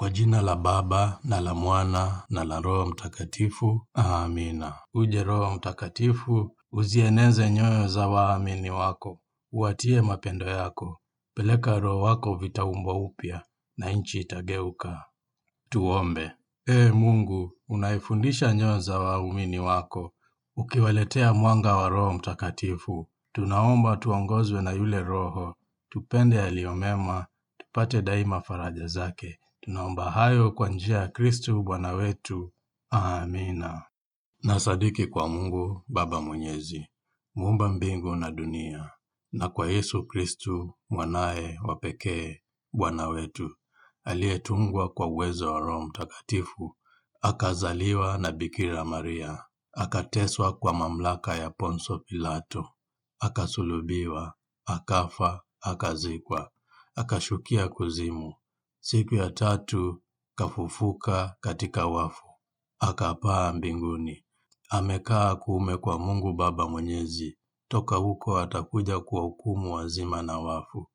Kwa jina la Baba na la Mwana na la Roho Mtakatifu. Amina. Uje Roho Mtakatifu, uzieneze nyoyo za waamini wako, uatie mapendo yako. Peleka Roho wako, vitaumbwa upya na nchi itageuka. Tuombe. Ee Mungu, unaifundisha nyoyo za waumini wako, ukiwaletea mwanga wa Roho Mtakatifu. Tunaomba tuongozwe na yule Roho, tupende yaliyo mema, tupate daima faraja zake. Tunaomba hayo kwa njia ya Kristu Bwana wetu. Amina. Nasadiki kwa Mungu Baba Mwenyezi, muumba mbingu na dunia, na kwa Yesu Kristu mwanaye wa pekee, Bwana wetu, aliyetungwa kwa uwezo wa Roho Mtakatifu, akazaliwa na Bikira Maria, akateswa kwa mamlaka ya Ponso Pilato, akasulubiwa, akafa, akazikwa, akashukia kuzimu Siku ya tatu kafufuka katika wafu, akapaa mbinguni, amekaa kuume kwa Mungu Baba Mwenyezi. Toka huko atakuja kuwahukumu wazima na wafu.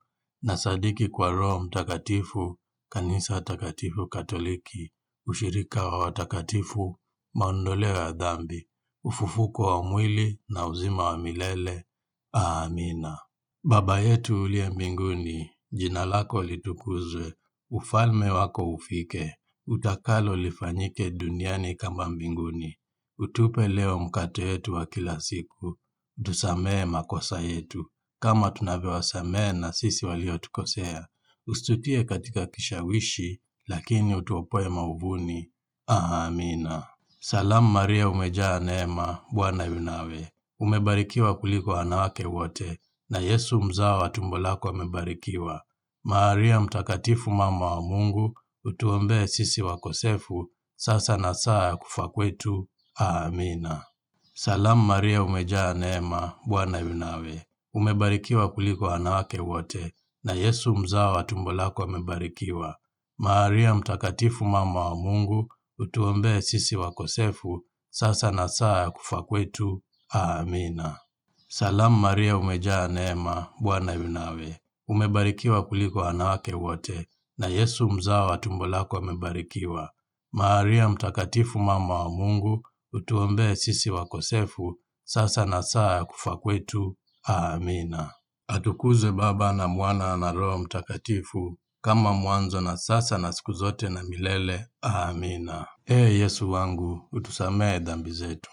na sadiki kwa Roho Mtakatifu, kanisa takatifu Katoliki, ushirika wa watakatifu, maondoleo ya dhambi, ufufuko wa mwili na uzima wa milele. Amina. Baba yetu uliye mbinguni, jina lako litukuzwe Ufalme wako ufike, utakalo lifanyike duniani kama mbinguni. Utupe leo mkate wetu wa kila siku, utusamee makosa yetu, kama tunavyowasamee na sisi waliotukosea. Usitutie katika kishawishi, lakini utuopoe maovuni. Amina. Salamu Maria, umejaa neema, Bwana yu nawe. Umebarikiwa kuliko wanawake wote, na Yesu mzao wa tumbo lako amebarikiwa. Maria mtakatifu mama wa Mungu, utuombee sisi wakosefu, sasa na saa ya kufa kwetu. Amina. Salamu Maria, umejaa neema, Bwana yu nawe, umebarikiwa kuliko wanawake wote, na Yesu mzao wa tumbo lako amebarikiwa. Maria mtakatifu mama wa Mungu, utuombee sisi wakosefu, sasa na saa ya kufa kwetu. Amina. Salamu Maria, umejaa neema, Bwana yu nawe Umebarikiwa kuliko wanawake wote, na Yesu mzao wa tumbo lako amebarikiwa. Maria Mtakatifu, mama wa Mungu, utuombee sisi wakosefu, sasa na saa ya kufa kwetu. Amina. Atukuzwe Baba na Mwana na Roho Mtakatifu, kama mwanzo na sasa na siku zote na milele. Amina. Ee Yesu wangu, utusamehe dhambi zetu,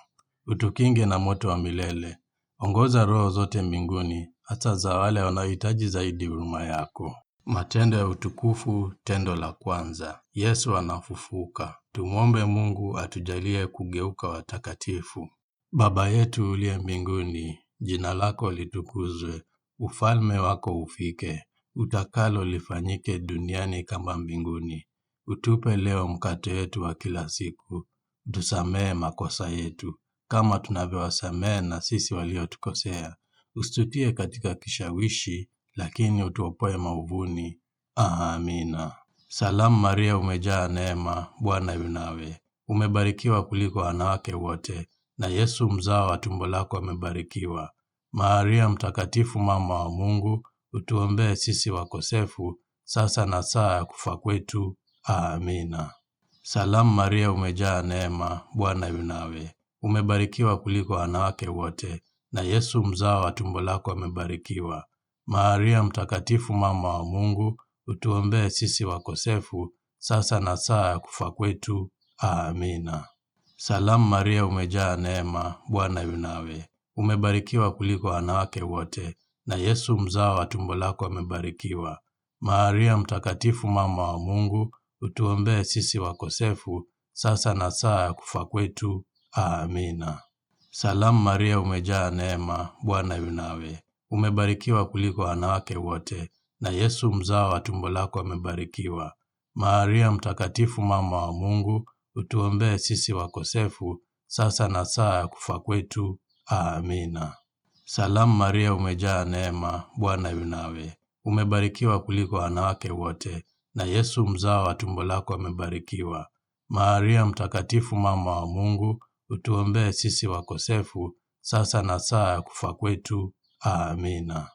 utukinge na moto wa milele, ongoza roho zote mbinguni hata za wale wanaohitaji zaidi huruma yako. Matendo ya utukufu, tendo la kwanza. Yesu anafufuka. Tumwombe Mungu atujalie kugeuka watakatifu. Baba yetu uliye mbinguni, jina lako litukuzwe, ufalme wako ufike, utakalo lifanyike duniani kama mbinguni. Utupe leo mkate wetu wa kila siku, utusamehe makosa yetu kama tunavyowasamehe na sisi waliotukosea Usitutie katika kishawishi, lakini utuopoe maovuni. Amina. Salamu Maria, umejaa neema, Bwana yu nawe. Umebarikiwa kuliko wanawake wote, na Yesu mzao wa tumbo lako amebarikiwa. Maria Mtakatifu, mama wa Mungu, utuombee sisi wakosefu, sasa na saa ya kufa kwetu. Amina. Salamu Maria, umejaa neema, Bwana yu nawe. Umebarikiwa kuliko wanawake wote, na Yesu mzao wa tumbo lako amebarikiwa. Maria Mtakatifu, mama wa Mungu, utuombee sisi wakosefu, sasa na saa ya kufa kwetu. Amina. Salamu Maria, umejaa neema, Bwana yu nawe, umebarikiwa kuliko wanawake wote, na Yesu mzao wa tumbo lako amebarikiwa. Maria Mtakatifu, mama wa Mungu, utuombee sisi wakosefu, sasa na saa ya kufa kwetu. Amina. Salamu Maria umejaa neema, Bwana yu nawe. Umebarikiwa kuliko wanawake wote, na Yesu mzao wa tumbo lako amebarikiwa. Maria mtakatifu, mama wa Mungu, utuombee sisi wakosefu, sasa na saa ya kufa kwetu. Amina. Salamu Maria umejaa neema, Bwana yu nawe. Umebarikiwa kuliko wanawake wote, na Yesu mzao wa tumbo lako amebarikiwa. Maria mtakatifu, mama wa Mungu, utuombee sisi wakosefu, sasa na saa ya kufa kwetu. Amina.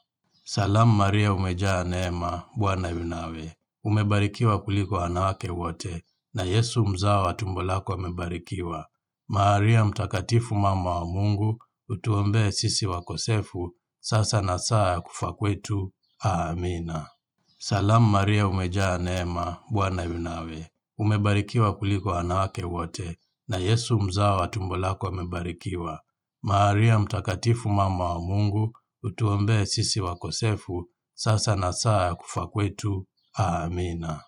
Salamu Maria, umejaa neema, Bwana yu nawe, umebarikiwa kuliko wanawake wote, na Yesu mzao wa tumbo lako amebarikiwa. Maria Mtakatifu, mama wa Mungu, utuombee sisi wakosefu, sasa na saa ya kufa kwetu. Amina. Salamu Maria, umejaa neema, Bwana yu nawe, umebarikiwa kuliko wanawake wote, na Yesu mzao wa tumbo lako amebarikiwa. Maria Mtakatifu, mama wa Mungu, utuombee sisi wakosefu, sasa na saa ya kufa kwetu. Amina.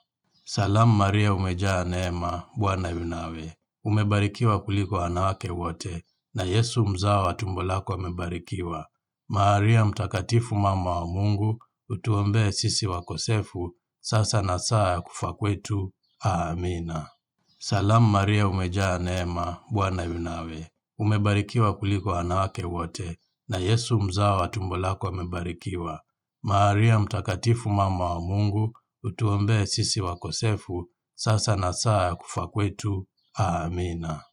Salamu Maria, umejaa neema, Bwana yu nawe, umebarikiwa kuliko wanawake wote, na Yesu mzao wa tumbo lako amebarikiwa. Maria Mtakatifu, mama wa Mungu, utuombee sisi wakosefu, sasa na saa ya kufa kwetu. Amina. Salamu Maria umejaa neema, Bwana yu nawe. Umebarikiwa kuliko wanawake wote, na Yesu mzao wa tumbo lako amebarikiwa. Maria mtakatifu, mama wa Mungu, utuombee sisi wakosefu, sasa na saa ya kufa kwetu. Amina.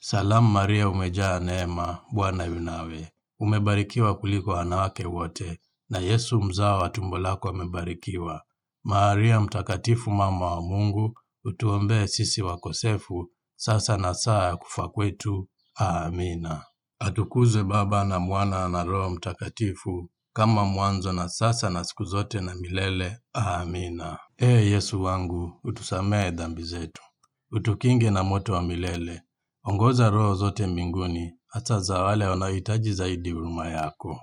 Salamu Maria umejaa neema, Bwana yu nawe. Umebarikiwa kuliko wanawake wote, na Yesu mzao wa tumbo lako amebarikiwa. Maria mtakatifu, mama wa Mungu, utuombee sisi wakosefu, sasa na saa ya kufa kwetu. Amina. Atukuzwe Baba na Mwana na Roho Mtakatifu, kama mwanzo na sasa na siku zote na milele. Amina. Ee Yesu wangu, utusamehe dhambi zetu, utukinge na moto wa milele, ongoza roho zote mbinguni, hasa za wale wanaohitaji zaidi huruma yako.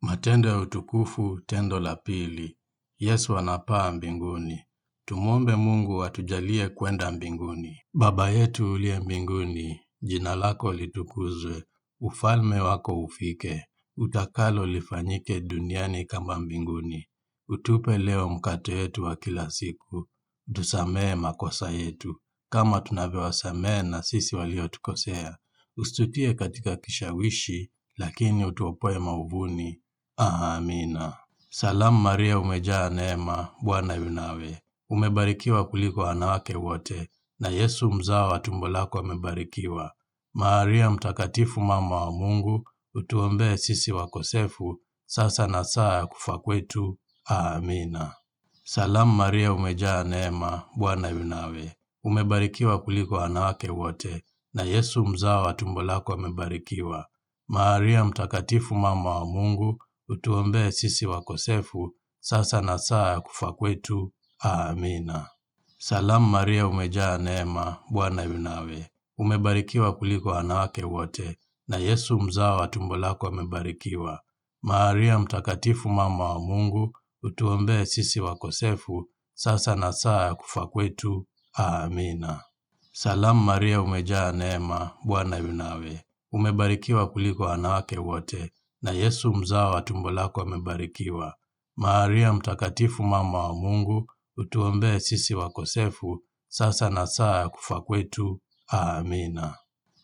Matendo ya Utukufu, tendo la pili. Yesu anapaa mbinguni. Tumwombe Mungu atujalie kwenda mbinguni. Baba yetu uliye mbinguni, jina lako litukuzwe, ufalme wako ufike, utakalo lifanyike duniani kama mbinguni. Utupe leo mkate wetu wa kila siku, tusamehe makosa yetu kama tunavyowasamehe na sisi waliotukosea, usitutie katika kishawishi, lakini utuopoe maovuni. Amina. Salamu Maria, umejaa neema, Bwana yu nawe Umebarikiwa kuliko wanawake wote, na Yesu mzao wa tumbo lako amebarikiwa. Maria Mtakatifu, mama wa Mungu, utuombee sisi wakosefu, sasa na saa ya kufa kwetu. Amina. Salamu Maria, umejaa neema, Bwana yu nawe. Umebarikiwa kuliko wanawake wote, na Yesu mzao wa tumbo lako amebarikiwa. Maria Mtakatifu, mama wa Mungu, utuombee sisi wakosefu, sasa na saa ya kufa kwetu. Amina. Salamu Maria, umejaa neema, Bwana yu nawe. Umebarikiwa kuliko wanawake wote, na Yesu mzao wa tumbo lako amebarikiwa. Maria Mtakatifu, mama wa Mungu, utuombee sisi wakosefu, sasa na saa ya kufa kwetu. Amina. Salamu Maria, umejaa neema, Bwana yu nawe. Umebarikiwa kuliko wanawake wote, na Yesu mzao wa tumbo lako amebarikiwa. Maria Mtakatifu, mama wa Mungu, utuombee sisi wakosefu, sasa na saa ya kufa kwetu. Amina.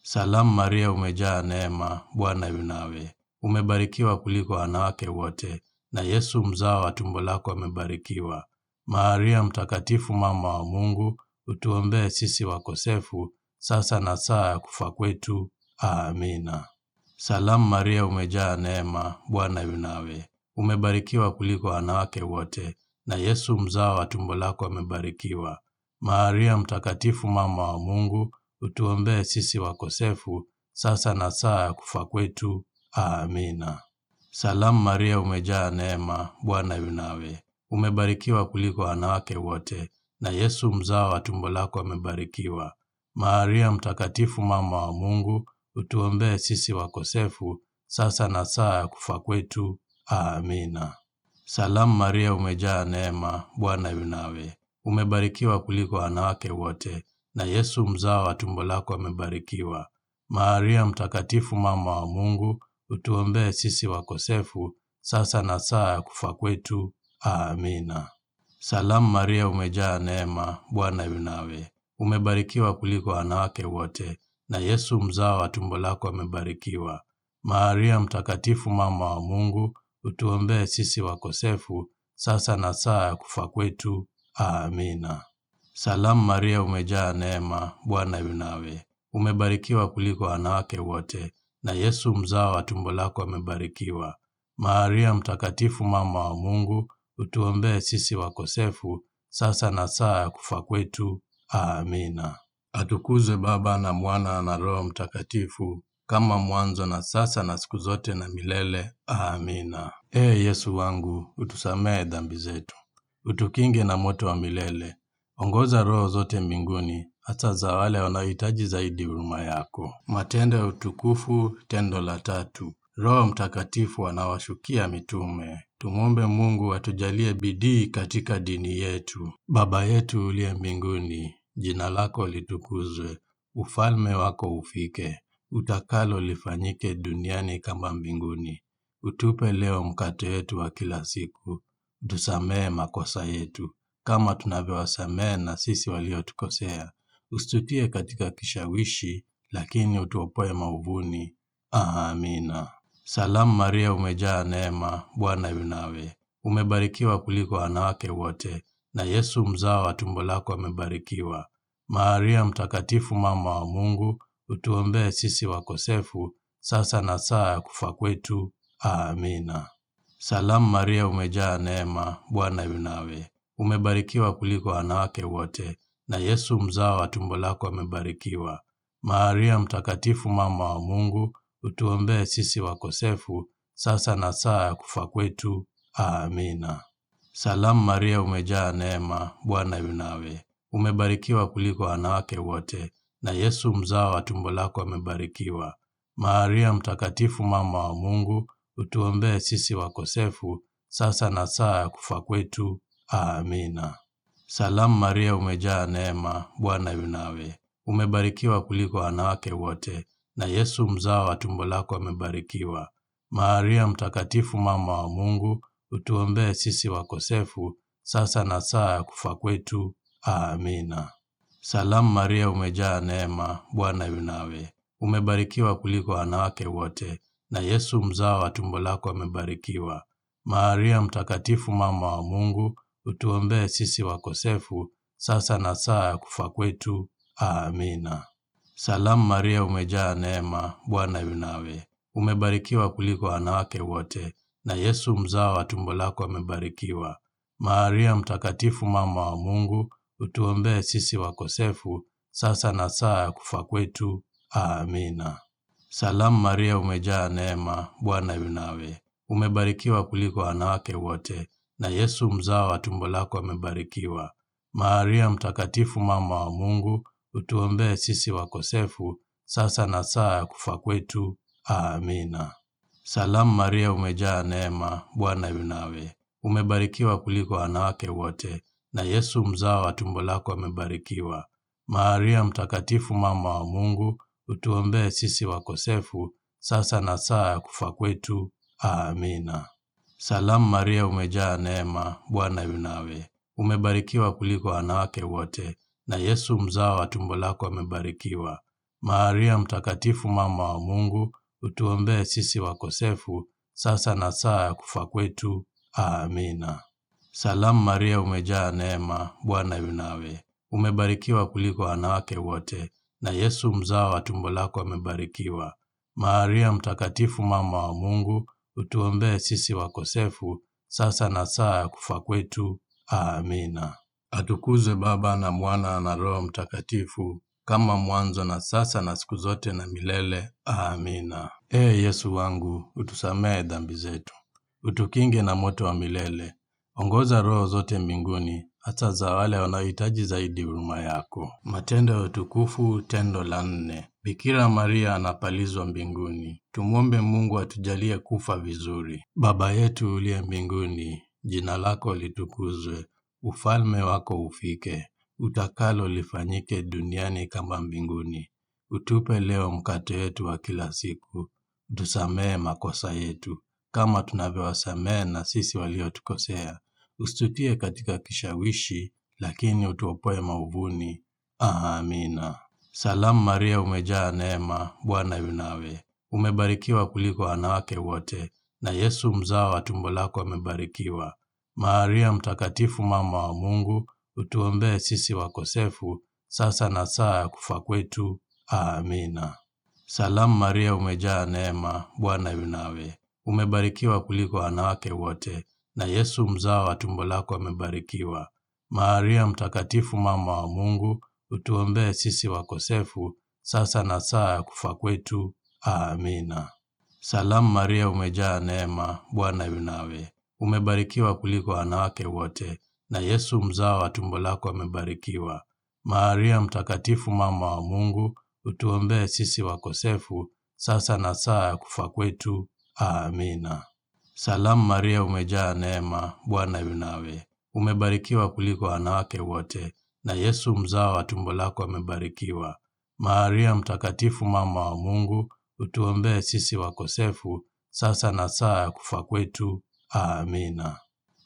Salamu Maria, umejaa neema, Bwana yu nawe, umebarikiwa kuliko wanawake wote, na Yesu mzao wa tumbo lako amebarikiwa. Maria Mtakatifu, mama wa Mungu, utuombee sisi wakosefu, sasa na saa ya kufa kwetu. Amina. Salamu Maria, umejaa neema, Bwana yu nawe, umebarikiwa kuliko wanawake wote, na Yesu mzao wa tumbo lako amebarikiwa. Maria mtakatifu, mama wa Mungu, utuombee sisi wakosefu, sasa na saa ya kufa kwetu. Amina. Salamu Maria, umejaa neema, Bwana yu nawe, umebarikiwa kuliko wanawake wote, na Yesu mzao wa tumbo lako amebarikiwa. Maria mtakatifu, mama wa Mungu, utuombee sisi wakosefu, sasa na saa ya kufa kwetu. Amina. Salamu Maria umejaa neema, Bwana yu nawe. Umebarikiwa kuliko wanawake wote, na Yesu mzao wa tumbo lako amebarikiwa. Maria mtakatifu, mama wa Mungu, utuombee sisi wakosefu, sasa na saa ya kufa kwetu. Amina. Salamu Maria umejaa neema, Bwana yu nawe. Umebarikiwa kuliko wanawake wote, na Yesu mzao wa tumbo lako amebarikiwa. Maria mtakatifu, mama wa Mungu, utuombee sisi wakosefu, sasa na saa ya kufa kwetu. Amina. Salamu Maria, umejaa neema, Bwana yu nawe, umebarikiwa kuliko wanawake wote, na Yesu mzao wa tumbo lako amebarikiwa. Maria Mtakatifu, mama wa Mungu, utuombee sisi wakosefu, sasa na saa ya kufa kwetu. Amina. Atukuzwe Baba na Mwana na Roho Mtakatifu kama mwanzo na sasa na siku zote na milele. Amina. Ee Yesu wangu, utusamee dhambi zetu, utukinge na moto wa milele, ongoza roho zote mbinguni, hasa za wale wanaohitaji zaidi huruma yako. Matendo ya Utukufu, tendo la tatu. Roho Mtakatifu anawashukia mitume. Tumwombe Mungu atujalie bidii katika dini yetu. Baba yetu uliye mbinguni, jina lako litukuzwe, ufalme wako ufike Utakalo lifanyike duniani kama mbinguni. Utupe leo mkate wetu wa kila siku. Utusamehe makosa yetu. Kama tunavyowasamehe na sisi waliotukosea. Usitutie katika kishawishi, lakini utuopoe maovuni. Amina. Salamu Maria, umejaa neema, Bwana yu nawe. Umebarikiwa kuliko wanawake wote, na Yesu mzao wa tumbo lako amebarikiwa. Maria Mtakatifu, mama wa Mungu, utuombee sisi wakosefu, sasa na saa ya kufa kwetu. Amina. Salamu Maria, umejaa neema, Bwana yu nawe, umebarikiwa kuliko wanawake wote, na Yesu mzao wa tumbo lako amebarikiwa. Maria Mtakatifu, mama wa Mungu, utuombee sisi wakosefu, sasa na saa ya kufa kwetu. Amina. Salamu Maria, umejaa neema, Bwana yu nawe, umebarikiwa kuliko wanawake wote, na Yesu mzao wa tumbo lako amebarikiwa. Maria Mtakatifu, mama wa Mungu, utuombee sisi wakosefu, sasa na saa ya kufa kwetu. Amina. Salamu Maria, umejaa neema, Bwana yu nawe, umebarikiwa kuliko wanawake wote, na Yesu mzao wa tumbo lako amebarikiwa. Maria Mtakatifu, mama wa Mungu, utuombee sisi wakosefu, sasa na saa ya kufa kwetu. Amina. Salamu Maria umejaa neema, Bwana yu nawe. Umebarikiwa kuliko wanawake wote, na Yesu mzao wa tumbo lako amebarikiwa. Maria Mtakatifu, mama wa Mungu, utuombee sisi wakosefu, sasa na saa ya kufa kwetu. Amina. Salamu Maria umejaa neema, Bwana yu nawe. Umebarikiwa kuliko wanawake wote, na Yesu mzao wa tumbo lako amebarikiwa. Maria Mtakatifu, mama wa Mungu, utuombee sisi wakosefu, sasa na saa ya kufa kwetu. Amina. Salamu Maria, umejaa neema, Bwana yu nawe, umebarikiwa kuliko wanawake wote, na Yesu mzao wa tumbo lako amebarikiwa. Maria Mtakatifu, mama wa Mungu, utuombee sisi wakosefu, sasa na saa ya kufa kwetu. Amina. Salamu Maria, umejaa neema, Bwana yu nawe, umebarikiwa kuliko wanawake wote, na Yesu mzao wa tumbo lako amebarikiwa. Maria Mtakatifu, mama wa Mungu, utuombee sisi wakosefu, sasa na saa ya kufa kwetu. Amina. Salamu Maria, umejaa neema, Bwana yu nawe, umebarikiwa kuliko wanawake wote, na Yesu mzao wa tumbo lako amebarikiwa. Maria Mtakatifu, mama wa Mungu, utuombee sisi wakosefu, sasa na saa ya kufa kwetu. Amina. Salamu Maria umejaa neema, Bwana yu nawe. Umebarikiwa kuliko wanawake wote, na Yesu mzao wa tumbo lako amebarikiwa. Maria Mtakatifu, mama wa Mungu, utuombee sisi wakosefu, sasa na saa ya kufa kwetu. Amina. Atukuzwe Baba na Mwana na Roho Mtakatifu, kama mwanzo na sasa na siku zote na milele. Amina. Ee Yesu wangu, utusamehe dhambi zetu, utukinge na moto wa milele Ongoza roho zote mbinguni, hata za wale wanaohitaji zaidi huruma yako. Matendo ya utukufu, tendo la nne. Bikira Maria anapalizwa mbinguni. Tumwombe Mungu atujalie kufa vizuri. Baba yetu uliye mbinguni, jina lako litukuzwe, ufalme wako ufike, utakalo lifanyike duniani kama mbinguni. Utupe leo mkate wetu wa kila siku, tusamehe makosa yetu kama tunavyowasamehe na sisi waliotukosea Usitutie katika kishawishi, lakini utuopoe maovuni. Amina. Salamu Maria, umejaa neema, Bwana yu nawe. Umebarikiwa kuliko wanawake wote, na Yesu mzao wa tumbo lako amebarikiwa. Maria Mtakatifu, mama wa Mungu, utuombee sisi wakosefu, sasa na saa ya kufa kwetu. Amina. Salamu Maria, umejaa neema, Bwana yu nawe. Umebarikiwa kuliko wanawake wote, na Yesu mzao wa tumbo lako amebarikiwa. Maria mtakatifu, mama wa Mungu, utuombee sisi wakosefu, sasa na saa ya kufa kwetu. Amina. Salamu Maria, umejaa neema, Bwana yu nawe, umebarikiwa kuliko wanawake wote, na Yesu mzao wa tumbo lako amebarikiwa. Maria mtakatifu, mama wa Mungu, utuombee sisi wakosefu, sasa na saa ya kufa kwetu. Amina. Salamu Maria umejaa neema, Bwana yu nawe. Umebarikiwa kuliko wanawake wote, na Yesu mzao wa tumbo lako amebarikiwa. Maria mtakatifu, mama wa Mungu, utuombee sisi wakosefu, sasa na saa ya kufa kwetu. Amina.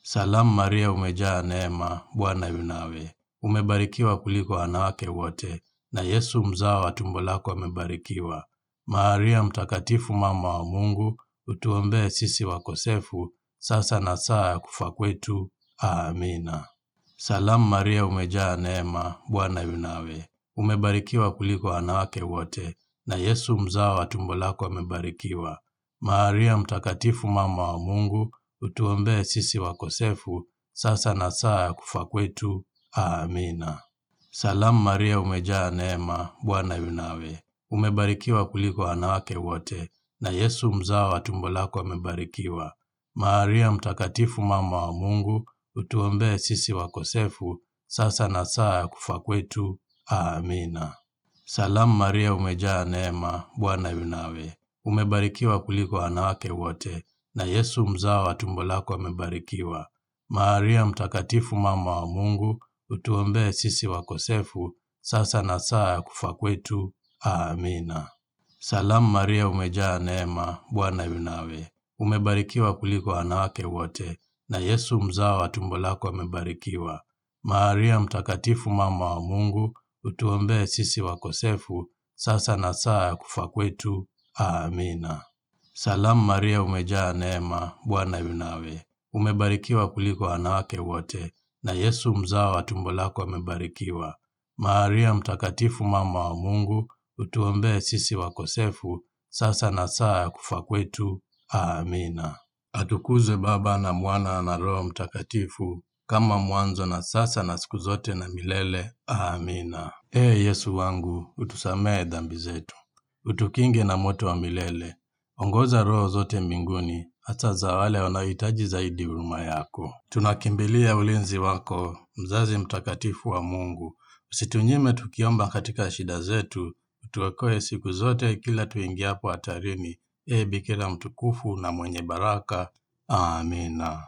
Salamu Maria umejaa neema, Bwana yu nawe. Umebarikiwa kuliko wanawake wote, na Yesu mzao wa tumbo lako amebarikiwa. Maria mtakatifu, mama wa Mungu, utuombee sisi wakosefu, sasa na saa ya kufa kwetu. Amina. Salamu Maria, umejaa neema, Bwana yu nawe, umebarikiwa kuliko wanawake wote, na Yesu mzao wa tumbo lako amebarikiwa. Maria Mtakatifu, mama wa Mungu, utuombee sisi wakosefu, sasa na saa ya kufa kwetu. Amina. Salamu Maria, umejaa neema, Bwana yu nawe, umebarikiwa kuliko wanawake wote, na Yesu mzao wa tumbo lako amebarikiwa. Maria mtakatifu, mama wa Mungu, utuombee sisi wakosefu, sasa na saa ya kufa kwetu. Amina. Salamu Maria, umejaa neema, Bwana yu nawe, umebarikiwa kuliko wanawake wote, na Yesu mzao wa tumbo lako amebarikiwa. Maria mtakatifu, mama wa Mungu, utuombee sisi wakosefu, sasa na saa ya kufa kwetu. Amina. Salamu Maria umejaa neema, Bwana yu nawe. Umebarikiwa kuliko wanawake wote, na Yesu mzao wa tumbo lako amebarikiwa. Maria mtakatifu, mama wa Mungu, utuombee sisi wakosefu, sasa na saa ya kufa kwetu. Amina. Salamu Maria umejaa neema, Bwana yu nawe. Umebarikiwa kuliko wanawake wote, na Yesu mzao wa tumbo lako amebarikiwa. Maria mtakatifu, mama wa Mungu, utuombee sisi wakosefu, sasa na saa ya kufa kwetu. Amina. Atukuzwe Baba na Mwana na Roho Mtakatifu, kama mwanzo na sasa na siku zote na milele. Amina. Ee Yesu wangu, utusamehe dhambi zetu, utukinge na moto wa milele, ongoza roho zote mbinguni, hasa za wale wanaohitaji zaidi huruma yako. Tunakimbilia ulinzi wako, mzazi mtakatifu wa Mungu. Usitunyime tukiomba katika shida zetu, tuokoe siku zote, kila tuingiapo hatarini. Ee Bikira mtukufu na mwenye baraka. Amina.